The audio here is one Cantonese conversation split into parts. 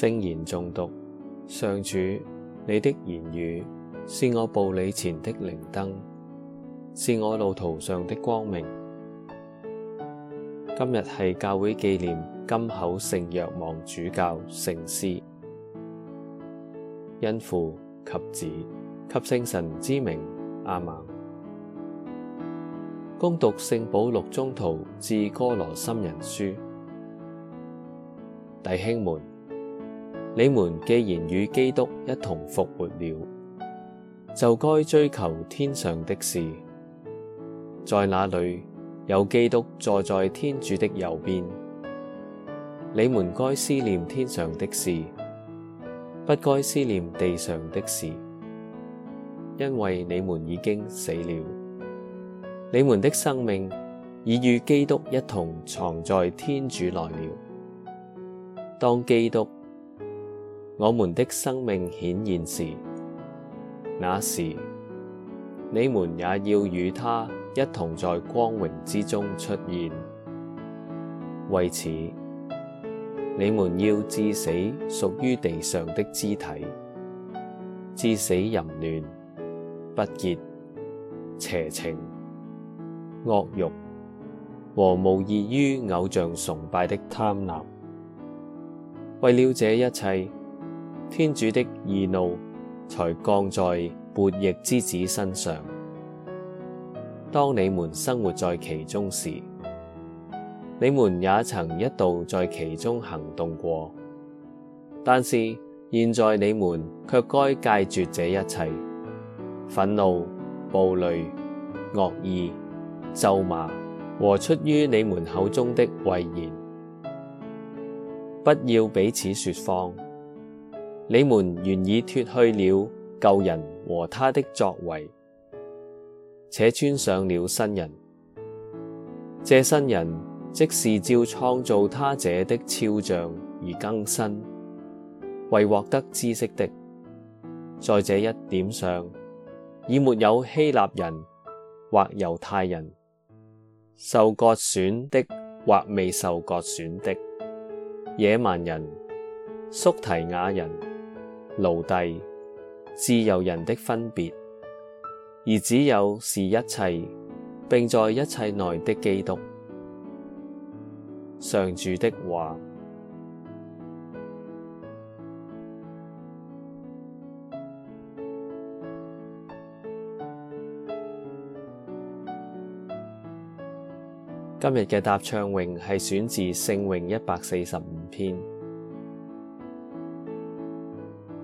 聖言誦讀，上主，你的言語是我步履前的靈燈，是我路途上的光明。今日係教會紀念金口聖若望主教聖師，因父及子及聖神之名阿們。恭讀聖保祿宗徒致哥羅森人書，弟兄們。你們既然與基督一同復活了，就該追求天上的事，在那裏有基督坐在天主的右邊。你們該思念天上的事，不該思念地上的事，因為你們已經死了，你們的生命已與基督一同藏在天主內了。當基督。我們的生命顯現時，那時你們也要與他一同在光榮之中出現。為此，你們要致死屬於地上的肢體，致死淫亂、不潔、邪情、惡欲和無異於偶像崇拜的貪婪。為了這一切。天主的義怒才降在悖逆之子身上。當你們生活在其中時，你們也曾一度在其中行動過。但是現在你們卻該戒絕這一切：忿怒、暴戾、惡意、咒罵和出於你們口中的穢言。不要彼此說謊。你們原已脫去了舊人和他的作為，且穿上了新人。這新人即是照創造他者的肖像而更新，為獲得知識的。在這一點上，已沒有希臘人或猶太人，受割損的或未受割損的野蠻人、叔提雅人。奴隸、自由人的分別，而只有是一切，並在一切內的基督。上主的話。今日嘅答唱詠係選自聖詠一百四十五篇。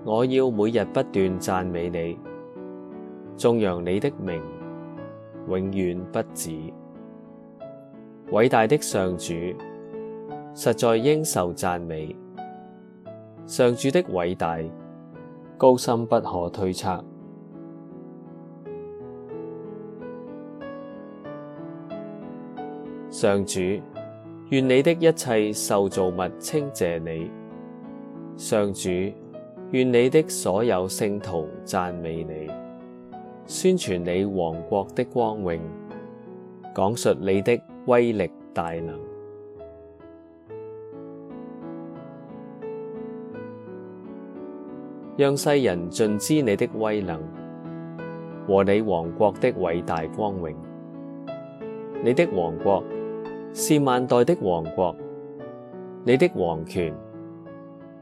我要每日不斷讚美你，頌揚你的名，永遠不止。偉大的上主，實在應受讚美。上主的偉大，高深不可推測。上主，願你的一切受造物稱謝你。上主。願你的所有聖徒讚美你，宣傳你王國的光榮，講述你的威力大能，讓世人盡知你的威能，和你王國的偉大光榮。你的王國是萬代的王國，你的王權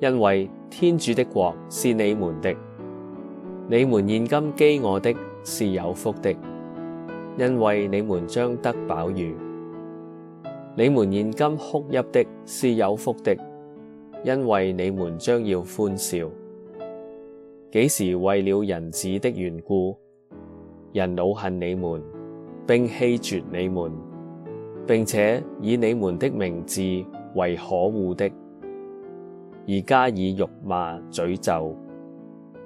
因為天主的國是你們的，你們現今饑餓的是有福的，因為你們將得飽飫；你們現今哭泣的是有福的，因為你們將要歡笑。幾時為了人子的緣故，人惱恨你們，並棄絕你們，並且以你們的名字為可惡的，而加以辱罵、詛咒，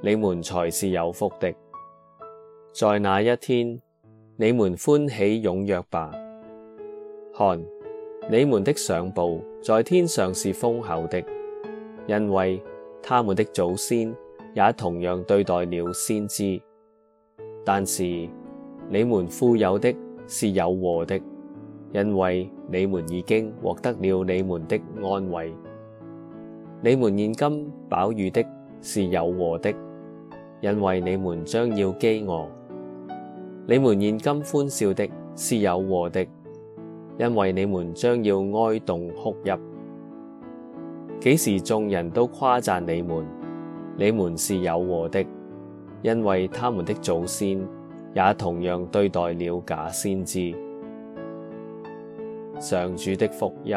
你們才是有福的。在那一天，你們歡喜踴躍吧！看，你們的賞報在天上是豐厚的，因為他們的祖先也同樣對待了先知。但是，你們富有的是有禍的，因為你們已經獲得了你們的安慰。你們現今飽飫的是有禍的，因為你們將要飢餓；你們現今歡笑的是有禍的，因為你們將要哀慟哭泣。幾時眾人都誇讚你們，你們是有禍的，因為他們的祖先也同樣對待了假先知。上主的福音。